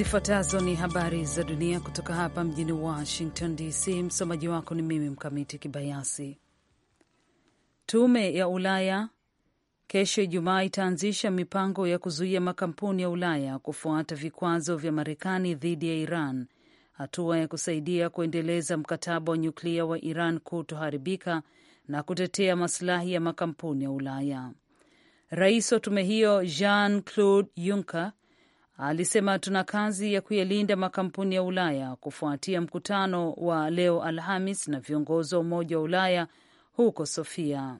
Zifuatazo ni habari za dunia kutoka hapa mjini Washington DC. Msomaji wako ni mimi Mkamiti Kibayasi. Tume ya Ulaya kesho Ijumaa itaanzisha mipango ya kuzuia makampuni ya Ulaya kufuata vikwazo vya Marekani dhidi ya Iran, hatua ya kusaidia kuendeleza mkataba wa nyuklia wa Iran kutoharibika na kutetea masilahi ya makampuni ya Ulaya. Rais wa tume hiyo Jean Claude Juncker alisema tuna kazi ya kuyalinda makampuni ya Ulaya kufuatia mkutano wa leo Alhamis na viongozi wa Umoja wa Ulaya huko Sofia.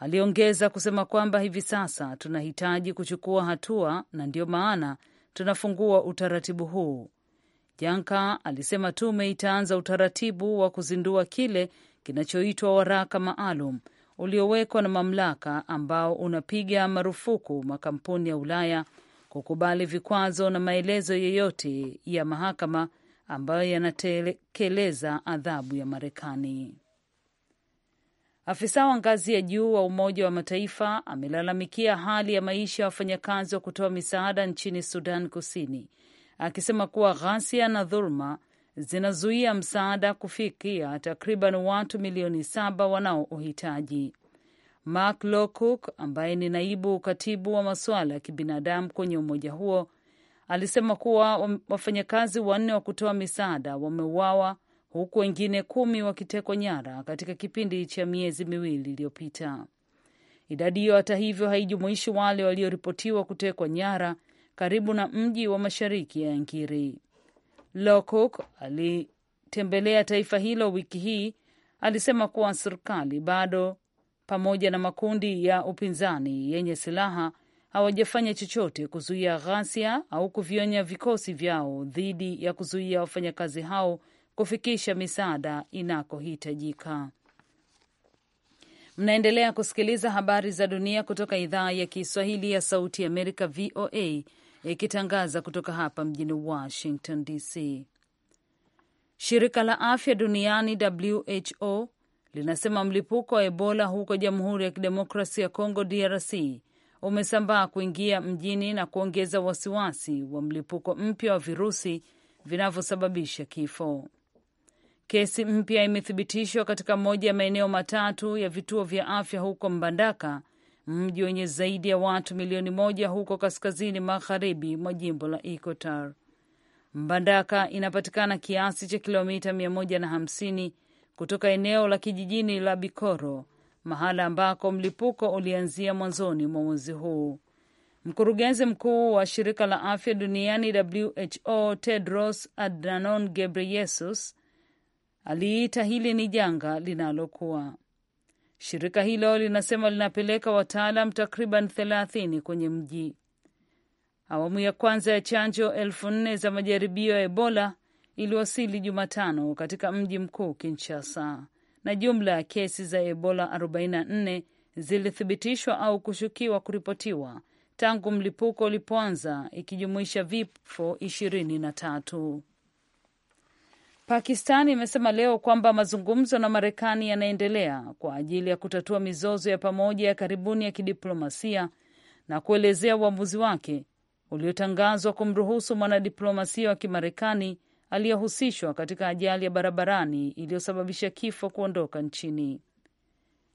Aliongeza kusema kwamba hivi sasa tunahitaji kuchukua hatua na ndiyo maana tunafungua utaratibu huu. Janka alisema tume itaanza utaratibu wa kuzindua kile kinachoitwa waraka maalum uliowekwa na mamlaka ambao unapiga marufuku makampuni ya Ulaya kukubali vikwazo na maelezo yeyote ya mahakama ambayo yanatekeleza adhabu ya Marekani. Afisa wa ngazi ya juu wa Umoja wa Mataifa amelalamikia hali ya maisha ya wafanyakazi wa kutoa misaada nchini Sudan Kusini, akisema kuwa ghasia na dhuluma zinazuia msaada kufikia takriban watu milioni saba wanaouhitaji. Mark Lowcock ambaye ni naibu katibu wa masuala ya kibinadamu kwenye umoja huo alisema kuwa wafanyakazi wanne wa kutoa misaada wameuawa huku wengine kumi wakitekwa nyara katika kipindi cha miezi miwili iliyopita. Idadi hiyo hata hivyo haijumuishi wale walioripotiwa kutekwa nyara karibu na mji wa mashariki ya Yangiri. Lowcock alitembelea taifa hilo wiki hii, alisema kuwa serikali bado pamoja na makundi ya upinzani yenye silaha hawajafanya chochote kuzuia ghasia au kuvionya vikosi vyao dhidi ya kuzuia wafanyakazi hao kufikisha misaada inakohitajika. Mnaendelea kusikiliza habari za dunia kutoka idhaa ya Kiswahili ya Sauti Amerika, VOA, ikitangaza kutoka hapa mjini Washington DC. Shirika la Afya Duniani, WHO, linasema mlipuko wa Ebola huko Jamhuri ya Kidemokrasia ya Kongo DRC umesambaa kuingia mjini na kuongeza wasiwasi wa mlipuko mpya wa virusi vinavyosababisha kifo. Kesi mpya imethibitishwa katika moja ya maeneo matatu ya vituo vya afya huko Mbandaka, mji wenye zaidi ya watu milioni moja huko kaskazini magharibi mwa jimbo la Equateur. Mbandaka inapatikana kiasi cha kilomita 150 kutoka eneo la kijijini la Bikoro, mahala ambako mlipuko ulianzia mwanzoni mwa mwezi huu. Mkurugenzi mkuu wa shirika la afya duniani WHO Tedros Adhanom Ghebreyesus aliita hili ni janga linalokuwa. Shirika hilo linasema linapeleka wataalam takriban thelathini kwenye mji. Awamu ya kwanza ya chanjo elfu nne za majaribio ya Ebola iliwasili Jumatano katika mji mkuu Kinshasa, na jumla ya kesi za Ebola 44 zilithibitishwa au kushukiwa kuripotiwa tangu mlipuko ulipoanza, ikijumuisha vifo 23. Pakistan imesema leo kwamba mazungumzo na Marekani yanaendelea kwa ajili ya kutatua mizozo ya pamoja ya karibuni ya kidiplomasia na kuelezea uamuzi wake uliotangazwa kumruhusu mwanadiplomasia wa Kimarekani aliyehusishwa katika ajali ya barabarani iliyosababisha kifo kuondoka nchini.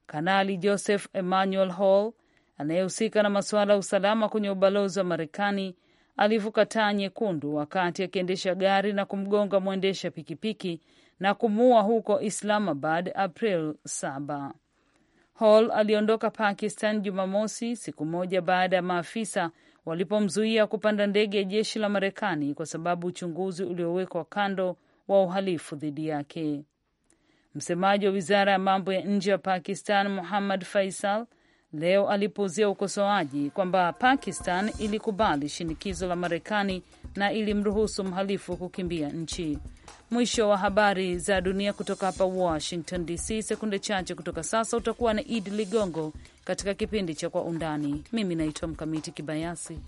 Kanali Joseph Emmanuel Hall anayehusika na masuala ya usalama kwenye ubalozi wa Marekani alivuka taa nyekundu wakati akiendesha gari na kumgonga mwendesha pikipiki na kumuua huko Islamabad April 7. Hall aliondoka Pakistan Jumamosi, siku moja baada ya maafisa walipomzuia kupanda ndege ya jeshi la Marekani kwa sababu uchunguzi uliowekwa kando wa uhalifu dhidi yake. Msemaji wa wizara ya mambo ya nje ya Pakistan Muhammad Faisal leo alipuuzia ukosoaji kwamba Pakistan ilikubali shinikizo la Marekani na ilimruhusu mhalifu kukimbia nchi. Mwisho wa habari za dunia kutoka hapa Washington DC. Sekunde chache kutoka sasa utakuwa na Idi Ligongo katika kipindi cha Kwa Undani. Mimi naitwa Mkamiti Kibayasi.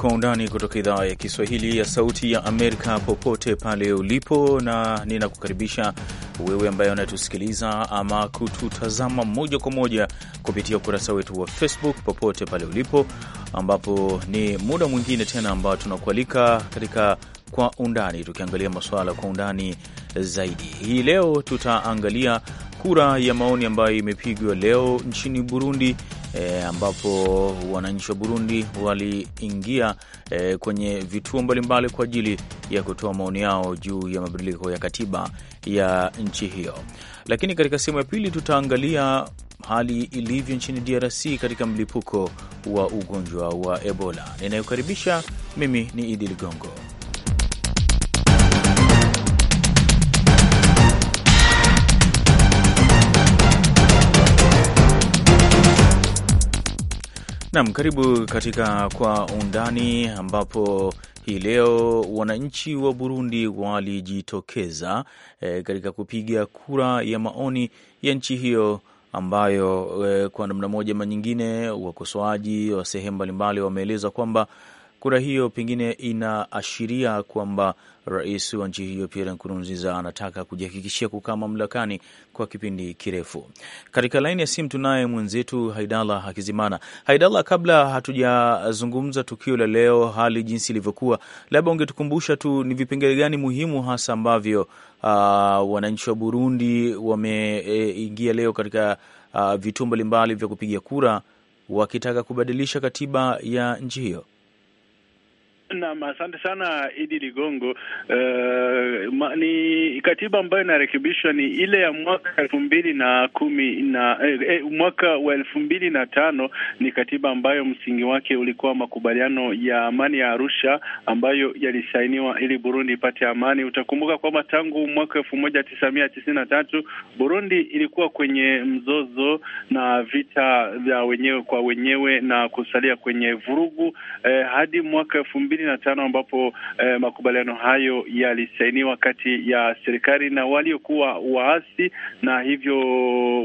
Kwa Undani kutoka idhaa ya Kiswahili ya Sauti ya Amerika, popote pale ulipo, na ninakukaribisha wewe ambaye unatusikiliza ama kututazama moja kwa moja kupitia ukurasa wetu wa Facebook popote pale ulipo, ambapo ni muda mwingine tena ambao tunakualika katika Kwa Undani, tukiangalia masuala kwa undani zaidi. Hii leo tutaangalia kura ya maoni ambayo imepigwa leo nchini Burundi e, ambapo wananchi wa Burundi waliingia e, kwenye vituo mbalimbali kwa ajili ya kutoa maoni yao juu ya mabadiliko ya katiba ya nchi hiyo. Lakini katika sehemu ya pili tutaangalia hali ilivyo nchini DRC katika mlipuko wa ugonjwa wa Ebola. Ninayokaribisha mimi ni Idi Ligongo. Nam, karibu katika Kwa Undani, ambapo hii leo wananchi wa Burundi walijitokeza e, katika kupiga kura ya maoni ya nchi hiyo ambayo e, kwa namna moja ama nyingine, wakosoaji wa sehemu mbalimbali wameeleza kwamba Kura hiyo pengine inaashiria kwamba rais wa nchi hiyo Pierre Nkurunziza anataka kujihakikishia kukaa mamlakani kwa kipindi kirefu. Katika laini ya simu tunaye mwenzetu Haidala Hakizimana. Haidala, kabla hatujazungumza tukio la leo, hali jinsi ilivyokuwa, labda ungetukumbusha tu ni vipengele gani muhimu hasa ambavyo uh, wananchi wa Burundi wameingia e, leo katika uh, vituo mbalimbali vya kupiga kura wakitaka kubadilisha katiba ya nchi hiyo. Naam, asante sana Idi Ligongo. Uh, ma, ni katiba ambayo inarekebishwa ni ile ya mwaka elfu mbili na kumi na eh, eh, mwaka wa elfu mbili na tano. Ni katiba ambayo msingi wake ulikuwa makubaliano ya amani ya Arusha ambayo yalisainiwa ili Burundi ipate amani. Utakumbuka kwamba tangu mwaka elfu moja tisa mia tisini na tatu Burundi ilikuwa kwenye mzozo na vita vya wenyewe kwa wenyewe na kusalia kwenye vurugu eh, hadi mwaka elfu mbili ishirini na tano ambapo eh, makubaliano hayo yalisainiwa kati ya serikali na waliokuwa waasi, na hivyo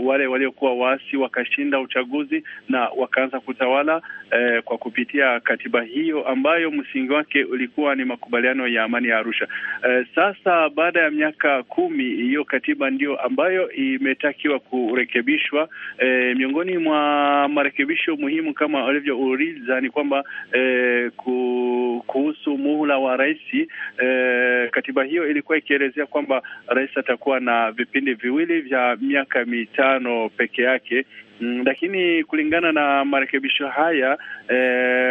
wale waliokuwa waasi wakashinda uchaguzi na wakaanza kutawala eh, kwa kupitia katiba hiyo ambayo msingi wake ulikuwa ni makubaliano ya amani ya Arusha. Eh, sasa baada ya miaka kumi hiyo katiba ndio ambayo imetakiwa kurekebishwa. Eh, miongoni mwa marekebisho muhimu kama alivyouliza ni kwamba eh, ku kuhusu muhula wa rais eh, katiba hiyo ilikuwa ikielezea kwamba rais atakuwa na vipindi viwili vya miaka mitano peke yake Mm, lakini kulingana na marekebisho haya e,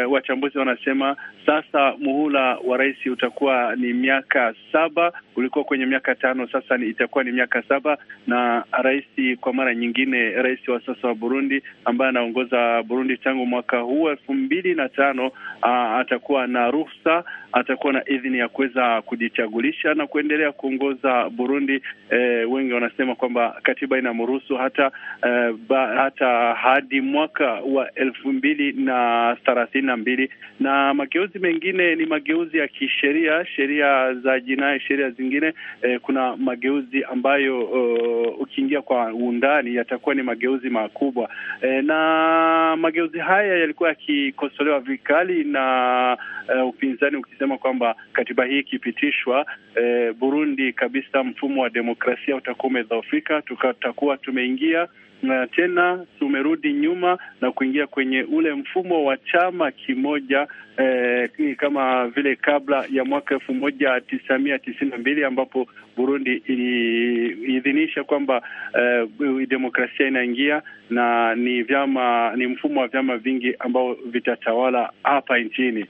wachambuzi wanasema sasa muhula wa rais utakuwa ni miaka saba, ulikuwa kwenye miaka tano, sasa ni, itakuwa ni miaka saba. Na rais kwa mara nyingine, rais wa sasa wa Burundi ambaye anaongoza Burundi tangu mwaka huu elfu mbili na tano a, atakuwa na ruhusa, atakuwa na idhini ya kuweza kujichagulisha na kuendelea kuongoza Burundi. E, wengi wanasema kwamba katiba inamruhusu hata e, ba, hata hadi mwaka wa elfu mbili na thelathini na mbili na mageuzi mengine ni mageuzi ya kisheria, sheria za jinai, sheria zingine. Eh, kuna mageuzi ambayo uh, ukiingia kwa undani yatakuwa ni mageuzi makubwa eh, na mageuzi haya yalikuwa yakikosolewa vikali na uh, upinzani ukisema kwamba katiba hii ikipitishwa, eh, Burundi kabisa mfumo wa demokrasia utakuwa umedhoofika, tutakuwa tumeingia na tena tumerudi nyuma na kuingia kwenye ule mfumo wa chama kimoja eh, kama vile kabla ya mwaka elfu moja tisa mia tisini na mbili ambapo Burundi iliidhinisha kwamba eh, demokrasia inaingia na ni vyama, ni mfumo wa vyama vingi ambao vitatawala hapa nchini.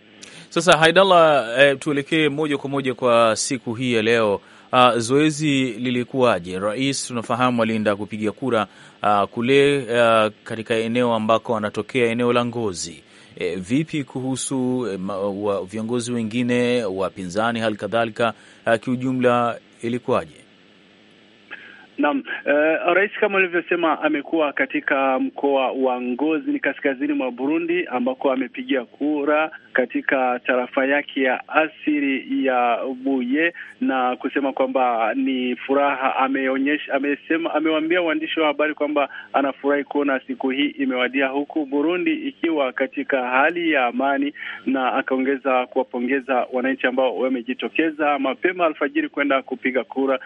Sasa Haidallah, eh, tuelekee moja kwa moja kwa siku hii ya leo uh, zoezi lilikuwaje? Rais tunafahamu alienda kupiga kura uh, kule uh, katika eneo ambako anatokea eneo la Ngozi. E, vipi kuhusu e, ma, wa, viongozi wengine wapinzani hali kadhalika, uh, kiujumla ilikuwaje? Naam, uh, rais kama ulivyosema amekuwa katika mkoa wa Ngozi ni kaskazini mwa Burundi ambako amepigia kura katika tarafa yake ya asili ya Buye na kusema kwamba ni furaha ameonyesha, amesema, amewaambia waandishi wa habari kwamba anafurahi kuona siku hii imewadia huku Burundi ikiwa katika hali ya amani, na akaongeza kuwapongeza wananchi ambao wamejitokeza mapema alfajiri kwenda kupiga kura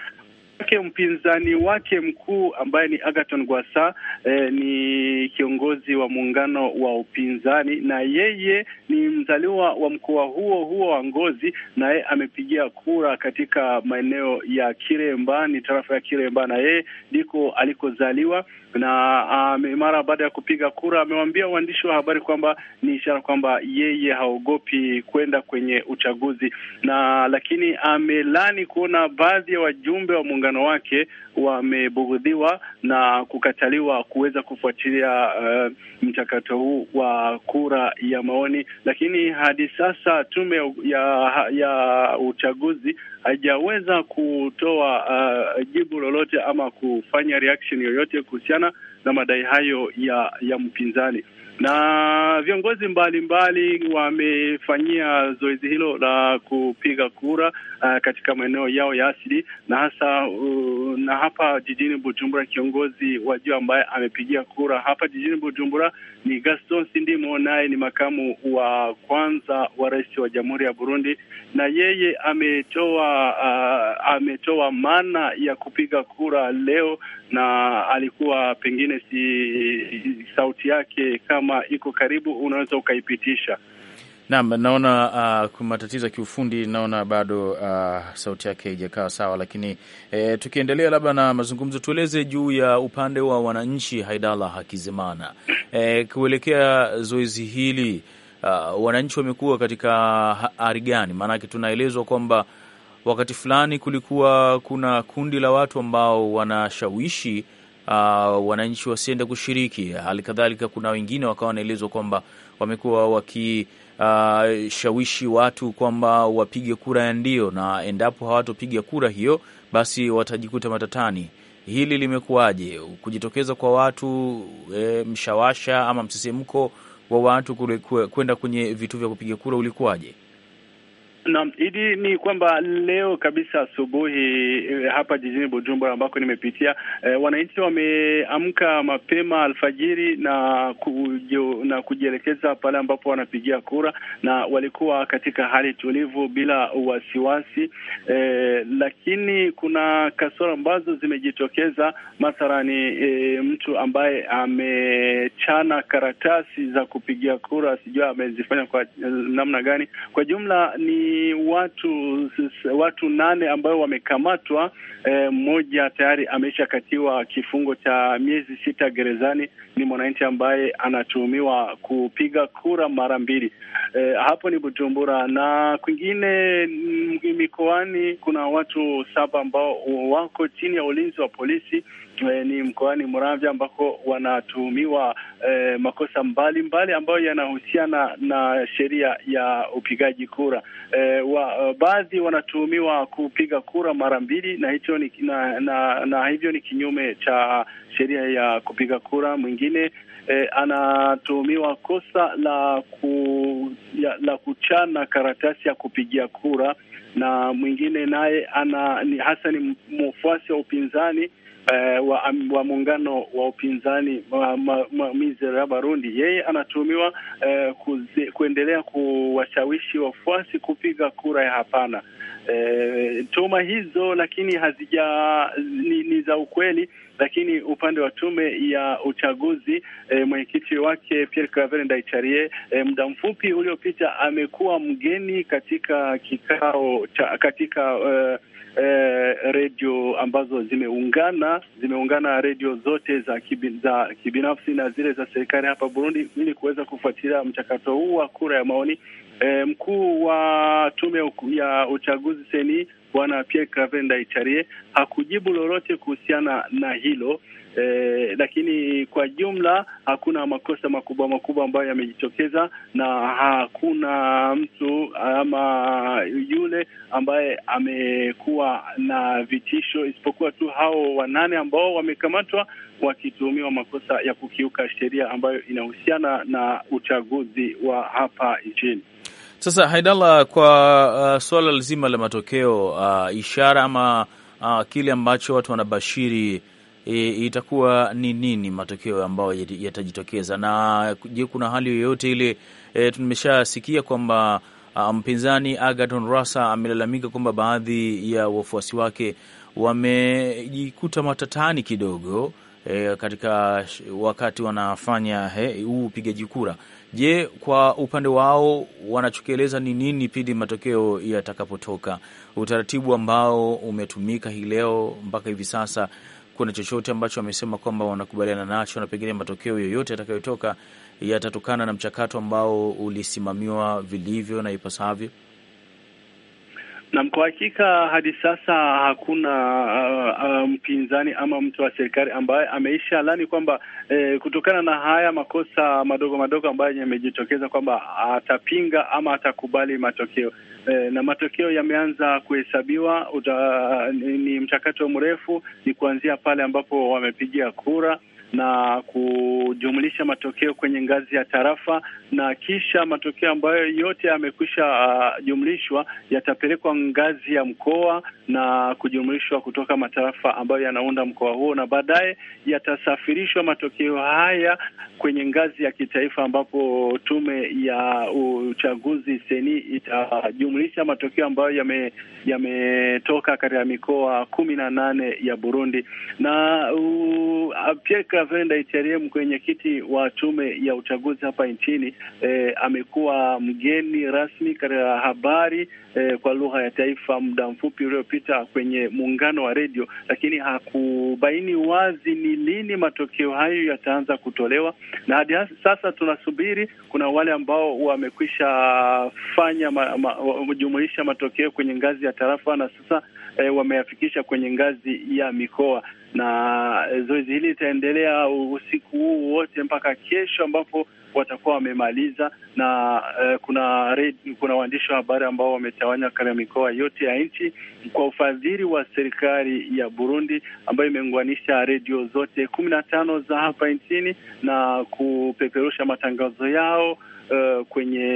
ke mpinzani wake mkuu ambaye ni Agaton Gwasa eh, ni kiongozi wa muungano wa upinzani na yeye ni mzaliwa wa mkoa huo huo wa Ngozi, naye amepigia kura katika maeneo ya Kiremba, ni tarafa ya Kiremba, na yeye ndiko alikozaliwa na uh, mara baada ya kupiga kura amewaambia waandishi wa habari kwamba ni ishara kwamba yeye haogopi kwenda kwenye uchaguzi, na lakini amelani kuona baadhi ya wajumbe wa muungano muungano wake wamebughudhiwa na kukataliwa kuweza kufuatilia uh, mchakato huu wa kura ya maoni, lakini hadi sasa tume ya, ya uchaguzi haijaweza kutoa uh, jibu lolote ama kufanya reaction yoyote kuhusiana na madai hayo ya, ya mpinzani na viongozi mbalimbali wamefanyia zoezi hilo la kupiga kura uh, katika maeneo yao ya asili na hasa uh, na hapa jijini Bujumbura, kiongozi wa juu ambaye amepigia kura hapa jijini Bujumbura ni Gaston Sindimo, naye ni makamu wa kwanza wa rais wa Jamhuri ya Burundi, na yeye ametoa uh, ametoa maana ya kupiga kura leo na alikuwa pengine si sauti yake kama iko karibu, unaweza ukaipitisha. Naam, naona uh, matatizo ya kiufundi naona bado uh, sauti yake haijakaa sawa, lakini eh, tukiendelea labda na mazungumzo, tueleze juu ya upande wa wananchi, Haidala Hakizimana, eh, kuelekea zoezi hili uh, wananchi wamekuwa katika hali gani? Maanake tunaelezwa kwamba wakati fulani kulikuwa kuna kundi la watu ambao wanashawishi uh, wananchi wasiende kushiriki. Hali kadhalika kuna wengine wakawa wanaelezwa kwamba wamekuwa wakishawishi uh, watu kwamba wapige kura ya ndio, na endapo hawatopiga kura hiyo, basi watajikuta matatani. Hili limekuwaje? Kujitokeza kwa watu e, mshawasha ama msisimko wa watu kwenda kwenye vituo vya kupiga kura ulikuwaje? Naam, Idi, ni kwamba leo kabisa asubuhi eh, hapa jijini Bujumbura ambako nimepitia, e, wananchi wameamka mapema alfajiri na kujo, na kujielekeza pale ambapo wanapigia kura, na walikuwa katika hali tulivu bila wasiwasi e, lakini kuna kasoro ambazo zimejitokeza mathalani, e, mtu ambaye amechana karatasi za kupigia kura, sijua amezifanya kwa namna gani. Kwa jumla ni watu watu nane ambao wamekamatwa. Eh, mmoja e, tayari ameshakatiwa kifungo cha miezi sita gerezani. Ni mwananchi ambaye anatuhumiwa kupiga kura mara mbili. E, hapo ni Bujumbura na kwingine mm, mikoani, kuna watu saba ambao wako chini ya ulinzi wa polisi Eh, ni mkoani Muramvya ambako wanatuhumiwa eh, makosa mbalimbali ambayo yanahusiana na sheria ya upigaji kura eh, wa, eh, baadhi wanatuhumiwa kupiga kura mara mbili na hicho ni, na, na, na hivyo ni kinyume cha sheria ya kupiga kura. Mwingine eh, anatuhumiwa kosa la, ku, ya, la kuchana karatasi ya kupigia kura na mwingine naye ana ni hasa ni mfuasi wa upinzani uh, wa, wa muungano wa upinzani ya Barundi, yeye anatuhumiwa uh, eh, kuendelea kuwashawishi wafuasi kupiga kura ya hapana. Uh, eh, tuhuma hizo lakini hazija ni, ni za ukweli lakini upande wa tume ya uchaguzi e, mwenyekiti wake Pierre Claver Ndayicariye e, muda mfupi uliopita amekuwa mgeni katika kikao cha katika uh, eh, redio ambazo zimeungana zimeungana redio zote za kibin, za kibinafsi na zile za serikali hapa Burundi ili kuweza kufuatilia mchakato huu wa kura ya maoni. Eh, mkuu wa tume ya uchaguzi seni Bwana Pierre Claver Ndayicariye hakujibu lolote kuhusiana na hilo eh, lakini kwa jumla hakuna makosa makubwa makubwa ambayo yamejitokeza, na hakuna mtu ama yule ambaye amekuwa na vitisho, isipokuwa tu hao wanane ambao wamekamatwa wakituhumiwa makosa ya kukiuka sheria ambayo inahusiana na uchaguzi wa hapa nchini. Sasa haidala kwa uh, suala lzima la matokeo uh, ishara ama uh, kile ambacho watu wanabashiri e, itakuwa ni nini matokeo ambayo yatajitokeza? Na je, kuna hali yoyote ile? E, tumeshasikia kwamba mpinzani Agaton rasa amelalamika kwamba baadhi ya wafuasi wake wamejikuta matatani kidogo e, katika wakati wanafanya huu upigaji kura. Je, kwa upande wao wanachokieleza ni nini pindi matokeo yatakapotoka? Utaratibu ambao umetumika hii leo mpaka hivi sasa kuna chochote ambacho wamesema kwamba wanakubaliana nacho na pengine matokeo yoyote yatakayotoka yatatokana na mchakato ambao ulisimamiwa vilivyo na ipasavyo? Nam, kwa hakika hadi sasa hakuna uh, uh, mpinzani ama mtu wa serikali ambaye ameisha lani kwamba eh, kutokana na haya makosa madogo madogo ambayo yamejitokeza kwamba atapinga ama atakubali matokeo eh, na matokeo yameanza kuhesabiwa. Ni, ni mchakato mrefu, ni kuanzia pale ambapo wamepigia kura na kujumlisha matokeo kwenye ngazi ya tarafa, na kisha matokeo ambayo yote yamekwisha uh, jumlishwa yatapelekwa ngazi ya mkoa na kujumlishwa kutoka matarafa ambayo yanaunda mkoa huo, na baadaye yatasafirishwa matokeo haya kwenye ngazi ya kitaifa, ambapo tume ya uchaguzi seni itajumlisha matokeo ambayo yame yametoka katika mikoa kumi na nane ya Burundi na uh, pia Clavenda Ichariem, mwenyekiti wa tume ya uchaguzi hapa nchini e, amekuwa mgeni rasmi katika habari e, kwa lugha ya taifa muda mfupi uliopita kwenye muungano wa redio, lakini hakubaini wazi ni lini matokeo hayo yataanza kutolewa, na hadi sasa tunasubiri. Kuna wale ambao wamekwisha fanya ma, ma, jumuisha matokeo kwenye ngazi ya tarafa na sasa e, wameyafikisha kwenye ngazi ya mikoa, na zoezi hili litaendelea usiku huu wote mpaka kesho ambapo watakuwa wamemaliza na e, kuna red, kuna waandishi wa habari ambao wametawanywa katika mikoa yote ya nchi kwa ufadhili wa serikali ya Burundi ambayo imeunganisha redio zote kumi na tano za hapa nchini na kupeperusha matangazo yao uh, kwenye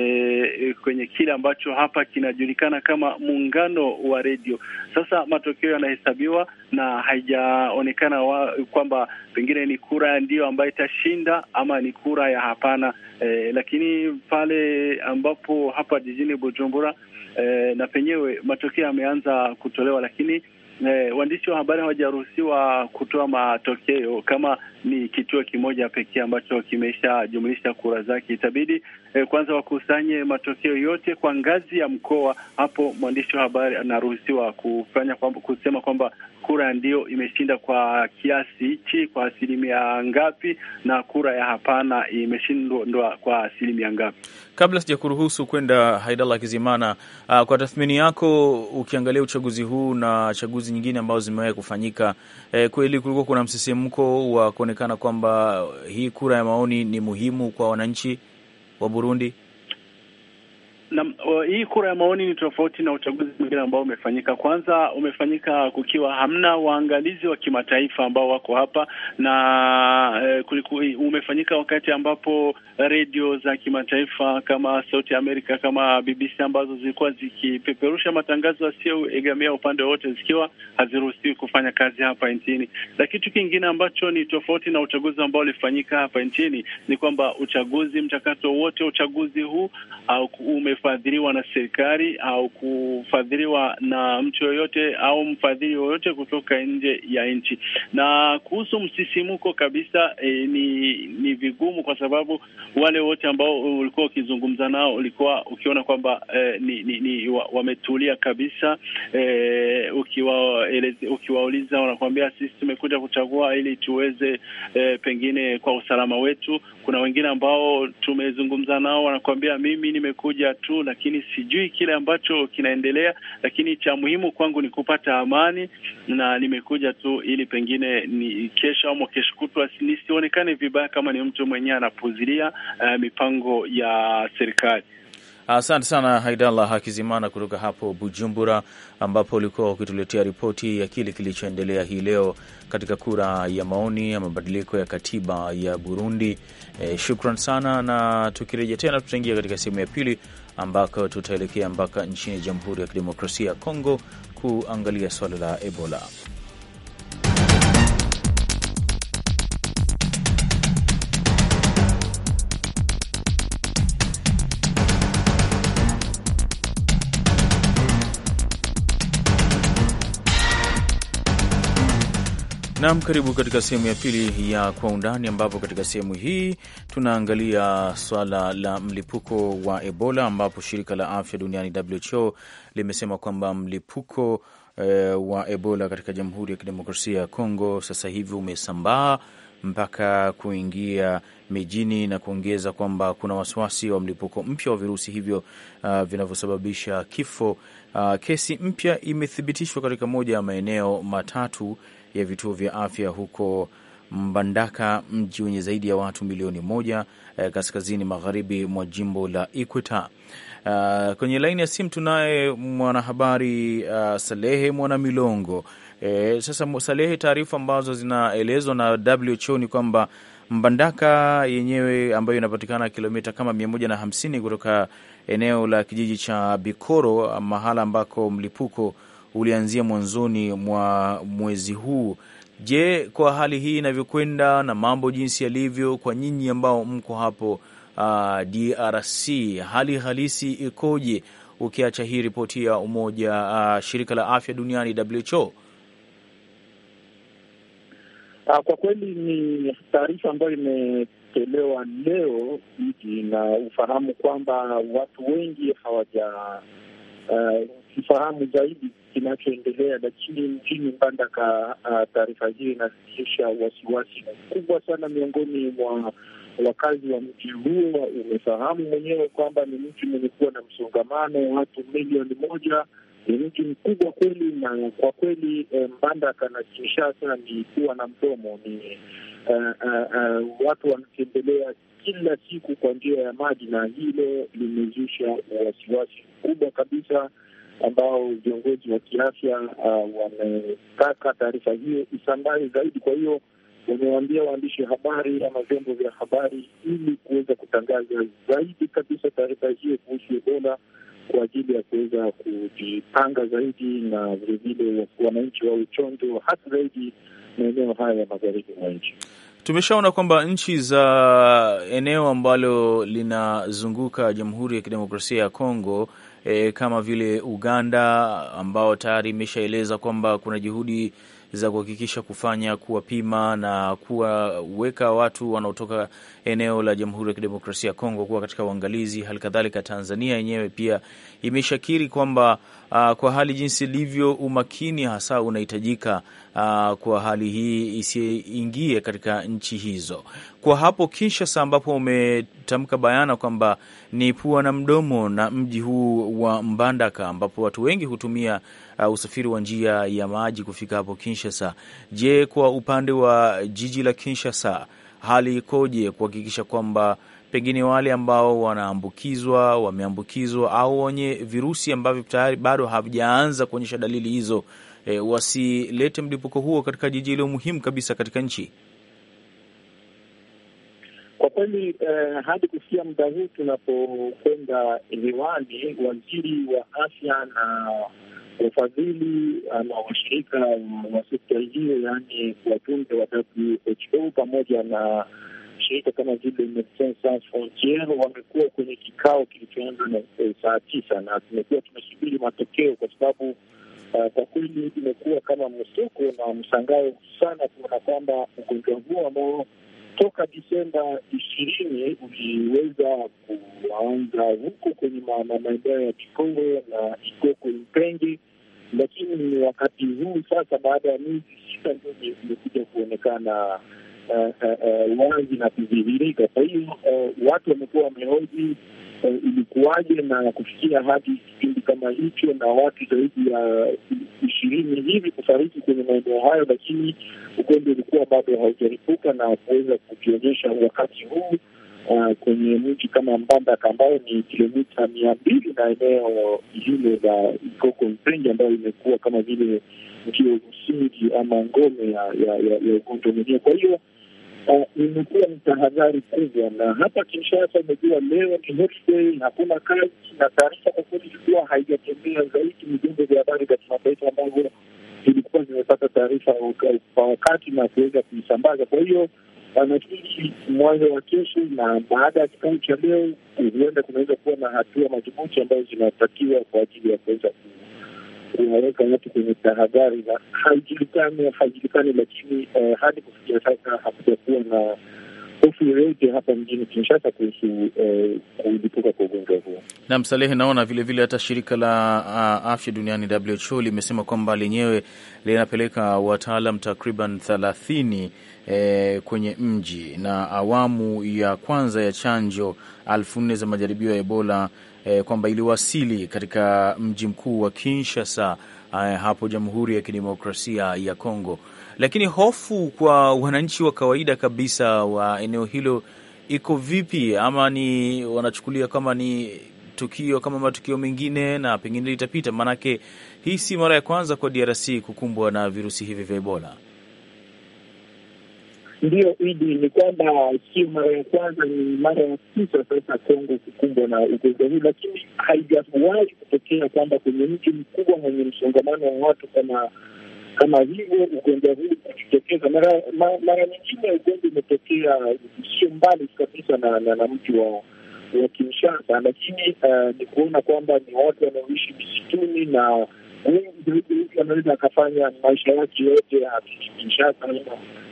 eh, kwenye kile ambacho hapa kinajulikana kama muungano wa redio. Sasa matokeo yanahesabiwa na haijaonekana kwamba pengine ni kura ndiyo ambayo itashinda ama ni kura ya hapana. Eh, lakini pale ambapo hapa jijini Bujumbura hmm. eh, na penyewe matokeo yameanza kutolewa, lakini eh, waandishi wa habari hawajaruhusiwa kutoa matokeo. Kama ni kituo kimoja pekee ambacho kimeshajumlisha kura zake, itabidi eh, kwanza wakusanye matokeo yote kwa ngazi ya mkoa. Hapo mwandishi wa habari anaruhusiwa kufanya kwamba, kusema kwamba kura ndio imeshinda kwa kiasi hichi, kwa asilimia ngapi, na kura ya hapana imeshindwa kwa asilimia ngapi. Kabla sija kuruhusu kwenda Haidala Kizimana, ah, kwa tathmini yako ukiangalia uchaguzi huu na chaguzi kazi nyingine ambazo zimewahi kufanyika. E, kweli kulikuwa kuna msisimko wa kuonekana kwamba eh, hii kura ya maoni ni muhimu kwa wananchi wa Burundi na, uh, hii kura ya maoni ni tofauti na uchaguzi mwingine ambao umefanyika. Kwanza umefanyika kukiwa hamna waangalizi wa kimataifa ambao wako hapa na uh, kuliku, umefanyika wakati ambapo redio za kimataifa kama Sauti ya Amerika kama BBC ambazo zilikuwa zikipeperusha matangazo asiyoegamia upande wwote zikiwa haziruhusiwi kufanya kazi hapa nchini. Lakini kitu kingine ambacho ni tofauti na uchaguzi ambao ulifanyika hapa nchini ni kwamba uchaguzi, mchakato wote uchaguzi huu uh, ume kufadhiliwa na serikali au kufadhiliwa na mtu yoyote au mfadhili yoyote kutoka nje ya nchi. Na kuhusu msisimuko kabisa, e, ni ni vigumu kwa sababu wale wote ambao ulikuwa ukizungumza nao ulikuwa ukiona kwamba e, ni, ni, ni wametulia kabisa. E, ukiwaeleze, ukiwauliza wanakuambia sisi tumekuja kuchagua ili tuweze e, pengine kwa usalama wetu. Kuna wengine ambao tumezungumza nao wanakuambia mimi nimekuja tu tu, lakini sijui kile ambacho kinaendelea, lakini cha muhimu kwangu ni kupata amani, na nimekuja tu ili pengine ni kesho ama kesho kutwa nisionekane vibaya kama ni mtu mwenyewe anapuzilia uh, mipango ya serikali. Asante sana Haidallah Hakizimana kutoka hapo Bujumbura, ambapo ulikuwa ukituletea ripoti ya kile kilichoendelea hii leo katika kura ya maoni ya mabadiliko ya katiba ya Burundi. E, shukran sana, na tukirejea tena tutaingia katika sehemu ya pili ambako tutaelekea mpaka nchini Jamhuri ya Kidemokrasia ya Kongo kuangalia suala la Ebola. Nam, karibu katika sehemu ya pili ya Kwa Undani, ambapo katika sehemu hii tunaangalia swala la mlipuko wa Ebola, ambapo shirika la afya duniani WHO limesema kwamba mlipuko eh, wa Ebola katika Jamhuri ya Kidemokrasia ya Kongo sasa hivi umesambaa mpaka kuingia mijini na kuongeza kwamba kuna wasiwasi wa mlipuko mpya wa virusi hivyo uh, vinavyosababisha kifo. Uh, kesi mpya imethibitishwa katika moja ya maeneo matatu ya vituo vya afya huko Mbandaka, mji wenye zaidi ya watu milioni moja eh, kaskazini magharibi mwa jimbo la Ikweta. Uh, kwenye laini ya simu tunaye mwanahabari uh, Salehe Mwana Milongo. Eh, sasa Salehe, taarifa ambazo zinaelezwa na WHO ni kwamba Mbandaka yenyewe ambayo inapatikana kilomita kama mia moja na hamsini kutoka eneo la kijiji cha Bikoro, mahala ambako mlipuko ulianzia mwanzoni mwa mwezi huu. Je, kwa hali hii inavyokwenda na mambo jinsi yalivyo, kwa nyinyi ambao mko hapo uh, ah, DRC, hali halisi ikoje, ukiacha hii ripoti ya umoja uh, shirika la afya duniani WHO? Ah, kwa kweli ni taarifa ambayo imetolewa leo hivi, na ufahamu kwamba watu wengi hawaja uh, kifahamu zaidi kinachoendelea, lakini mjini Mbandaka uh, taarifa hiyo inasitisha wasiwasi mkubwa sana miongoni mwa wakazi wa mji huo. Umefahamu mwenyewe kwamba ni mji mwenye kuwa na msongamano watu milioni moja ni mji mkubwa kweli, na kwa kweli eh, Mbandaka na Kinshasa ni kuwa na mdomo ni uh, uh, uh, watu wanatembelea kila siku kwa njia ya maji, na hilo limezusha wasiwasi mkubwa kabisa ambao viongozi wa kiafya uh, wametaka taarifa hiyo isambae zaidi. Kwa hiyo wamewaambia waandishi habari ama vyombo vya habari ili kuweza kutangaza zaidi kabisa taarifa hiyo kuhusu Ebola kwa ajili ya kuweza kujipanga zaidi na vilevile wananchi wa uchonjo hasa zaidi maeneo haya ya magharibi mwa nchi. Tumeshaona kwamba nchi za eneo ambalo linazunguka Jamhuri ya Kidemokrasia ya Kongo e, kama vile Uganda ambao tayari imeshaeleza kwamba kuna juhudi za kuhakikisha kufanya kuwapima na kuwaweka watu wanaotoka eneo la Jamhuri ya Kidemokrasia ya Kongo kuwa katika uangalizi. Halikadhalika, Tanzania yenyewe pia imeshakiri kwamba uh, kwa hali jinsi ilivyo, umakini hasa unahitajika uh, kwa hali hii isiingie katika nchi hizo. Kwa hapo Kinshasa, ambapo umetamka bayana kwamba ni pua na mdomo na mji huu wa Mbandaka, ambapo watu wengi hutumia uh, usafiri wa njia ya maji kufika hapo Kinshasa. Je, kwa upande wa jiji la Kinshasa hali ikoje kuhakikisha kwamba pengine wale ambao wanaambukizwa wameambukizwa au wenye virusi ambavyo tayari bado havijaanza kuonyesha dalili hizo e, wasilete mlipuko huo katika jiji hilo muhimu kabisa katika nchi? Kwa kweli eh, hadi kufikia muda huu tunapokwenda hewani, waziri wa afya na wafadhili ama washirika wa sekta hiyo, yaani wajumbe wa WHO pamoja na shirika kama vile Medecins Sans Frontieres wamekuwa kwenye kikao kilichoanza na eh, saa tisa na tumekuwa tumesubiri matokeo kwa sababu eh, kwa kweli imekuwa kama msoko na mshangao sana kuona kwamba ugonjwa huo ambao toka Disemba ishirini uliweza kuanza huko kwenye maeneo ya Kikongo na Ikoko Mpenge, lakini ni wakati huu sasa, baada ya miezi sita, ndio imekuja kuonekana eh, eh, eh, wazi na kudhihirika. Kwa hiyo watu wamekuwa wamehoji ilikuwaje na kufikia hadi kipindi kama hicho, na watu zaidi ya ishirini hivi kufariki kwenye maeneo hayo, lakini ugonjwa ulikuwa bado haujaripuka na kuweza kujionyesha wakati huu uh, kwenye mji kama Mbandaka ambayo ni kilomita mia mbili na eneo hilo la Ikoko Mpengi ambayo imekuwa kama vile ndio msingi ama ngome ya ugonjwa mwenyewe, kwa hiyo Ah, imekuwa ni tahadhari kubwa, na hapa Kinshasa umejua leo ni hakuna kazi, na taarifa kwa kweli ilikuwa haijatembea zaidi ni vyombo vya habari vya kimataifa ambavyo vilikuwa zimepata taarifa kwa wakati na kuweza kuisambaza. Kwa hiyo nafikiri mwanzo wa kesho na baada ya kikao cha leo, huenda kunaweza kuwa na hatua madhubuti ambazo zinatakiwa kwa ajili ya kuweza unaweka watu kwenye tahadhari, na haijulikani haijulikani, lakini eh, hadi kufikia sasa hakujakuwa na hofu yoyote hapa mjini Kinshasa kuhusu eh, kulipuka kwa ugonjwa huo. Naam, Salehe, naona vilevile hata shirika la uh, afya duniani WHO limesema kwamba lenyewe linapeleka wataalam takriban thelathini eh, kwenye mji na awamu ya kwanza ya chanjo elfu nne za majaribio ya Ebola eh, kwamba iliwasili katika mji mkuu wa Kinshasa eh, hapo Jamhuri ya Kidemokrasia ya Kongo. Lakini hofu kwa wananchi wa kawaida kabisa wa eneo hilo iko vipi, ama ni wanachukulia kama ni tukio kama matukio mengine na pengine litapita? Maanake hii si mara ya kwanza kwa DRC kukumbwa na virusi hivi vya Ebola. Ndiyo Idi, ni kwamba sio mara ya kwanza, ni mara ya tisa sasa Kongo kukumbwa na ugonjwa huu, lakini haijawahi kutokea kwamba kwenye mji mkubwa mwenye msongamano wa watu kama kama hivyo ugonjwa huu kujitokeza. Mara mara nyingine ugonjwa umetokea sio mbali kabisa na, na, na mji wa, wa Kinshasa, lakini uh, ni kuona kwamba ni watu wanaoishi misituni na anaweza akafanya maisha yake yote ya Kinshasa ama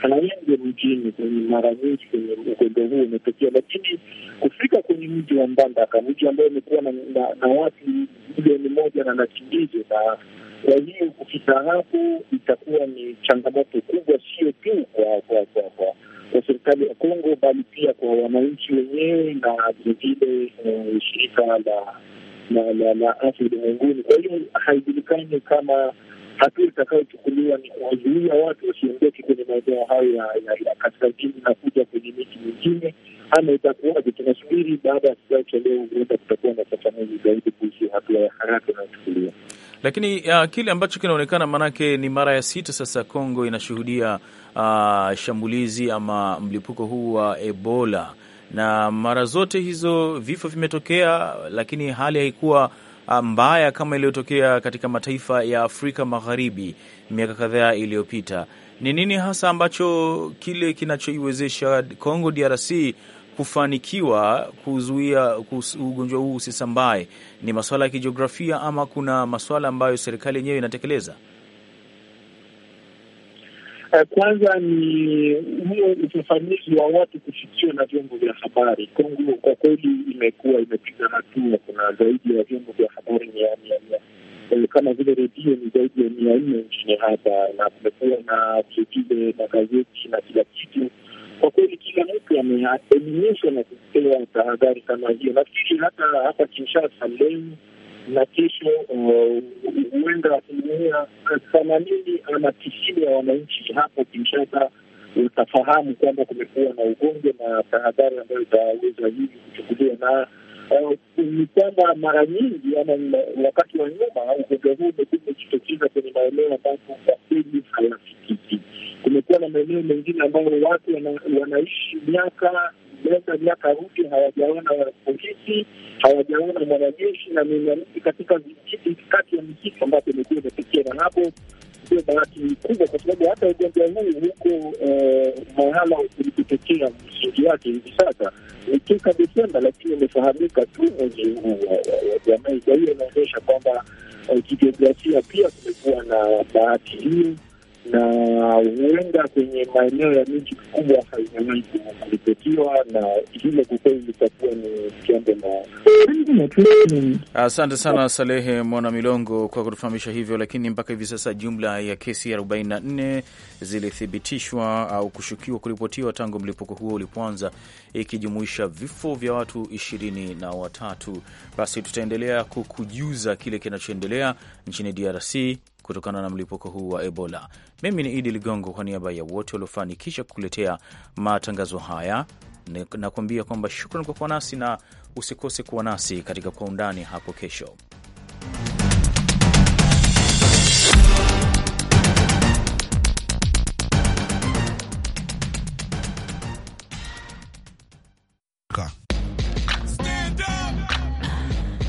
anaende mjini kwenye mara nyingi kwenye ugonjwa huo umetokea, lakini kufika kwenye mji wa Mbandaka, mji ambayo imekuwa na watu milioni moja na laki mbili na kwa hiyo kufika hapo itakuwa ni changamoto kubwa, sio tu kwa kwa kwa kwa serikali ya Kongo, bali pia kwa wananchi wenyewe na vilevile eh, shirika la na na, na afya ulimwenguni. Kwa hiyo haijulikani kama hatua itakayochukuliwa ni kuwazuia watu wasiondoke kwenye maeneo hayo ya, ya, ya kaskazini na kuja kwenye miji mingine ama itakuwaje? Tunasubiri baada ya kikao cha leo, huenda kutakuwa na ufafanuzi zaidi kuhusu hatua ya haraka inayochukuliwa. Lakini uh, kile ambacho kinaonekana, maanake ni mara ya sita sasa Kongo inashuhudia uh, shambulizi ama mlipuko huu wa Ebola na mara zote hizo vifo vimetokea, lakini hali haikuwa ah, mbaya kama iliyotokea katika mataifa ya Afrika Magharibi miaka kadhaa iliyopita. Ni nini hasa ambacho kile kinachoiwezesha Congo DRC kufanikiwa kuzuia ugonjwa huu usisambae? Ni masuala ya kijiografia ama kuna masuala ambayo serikali yenyewe inatekeleza? Eh, kwanza ni huo ufafanuzi wa watu kufikiwa na vyombo vya habari. Kongo kwa kweli imekuwa imepiga hatua, kuna zaidi ya vyombo vya habari mia mia eh, kama vile redio ni zaidi ya mia nne nchini hapa, na kumekuwa na vilevile magazeti na kila kitu. Kwa kweli kila mtu ameelimishwa na kupewa tahadhari kama hiyo. Nafikiri hata hapa Kinshasa leo na kesho uh, huenda asilimia themanini ama tisini ya wananchi hapo Kinshasa utafahamu kwamba kumekuwa na ugonjwa na tahadhari ambayo itaweza hivi kuchukuliwa na uh, ni kwamba mara nyingi ama wakati wa nyuma ugonjwa huu umekuwa umejitokeza kwenye maeneo ambapo kwa hayafikiki. Kumekuwa na maeneo mengine ambayo watu wanaishi miaka Uingereza miaka rudi hawajaona polisi, hawajaona mwanajeshi na mimamizi katika vijiji kati ya misitu ambapo imekuwa imepikia, na hapo ndio bahati kubwa, kwa sababu hata ugonjwa huu huko eh, mahala ulipotokea msingi wake hivi sasa ni toka Desemba, lakini imefahamika tu mwezi huu wa jamai Kwa hiyo inaonyesha kwamba eh, kijiografia pia kumekuwa na bahati hiyo na huenda kwenye maeneo ya miji mikubwa haijawahi kuripotiwa, na hilo kwa kweli litakuwa ni jambo la. Asante sana Salehe Mwana Milongo kwa kutufahamisha hivyo. Lakini mpaka hivi sasa jumla ya kesi 44 zilithibitishwa au kushukiwa kuripotiwa tangu mlipuko huo ulipoanza, ikijumuisha vifo vya watu ishirini na watatu. Basi tutaendelea kukujuza kile kinachoendelea nchini DRC kutokana na mlipuko huu wa Ebola. Mimi ni Idi Ligongo, kwa niaba ya wote waliofanikisha kukuletea matangazo haya nakuambia kwamba shukran kwa kuwa nasi na usikose kuwa nasi katika Kwa Undani hapo kesho.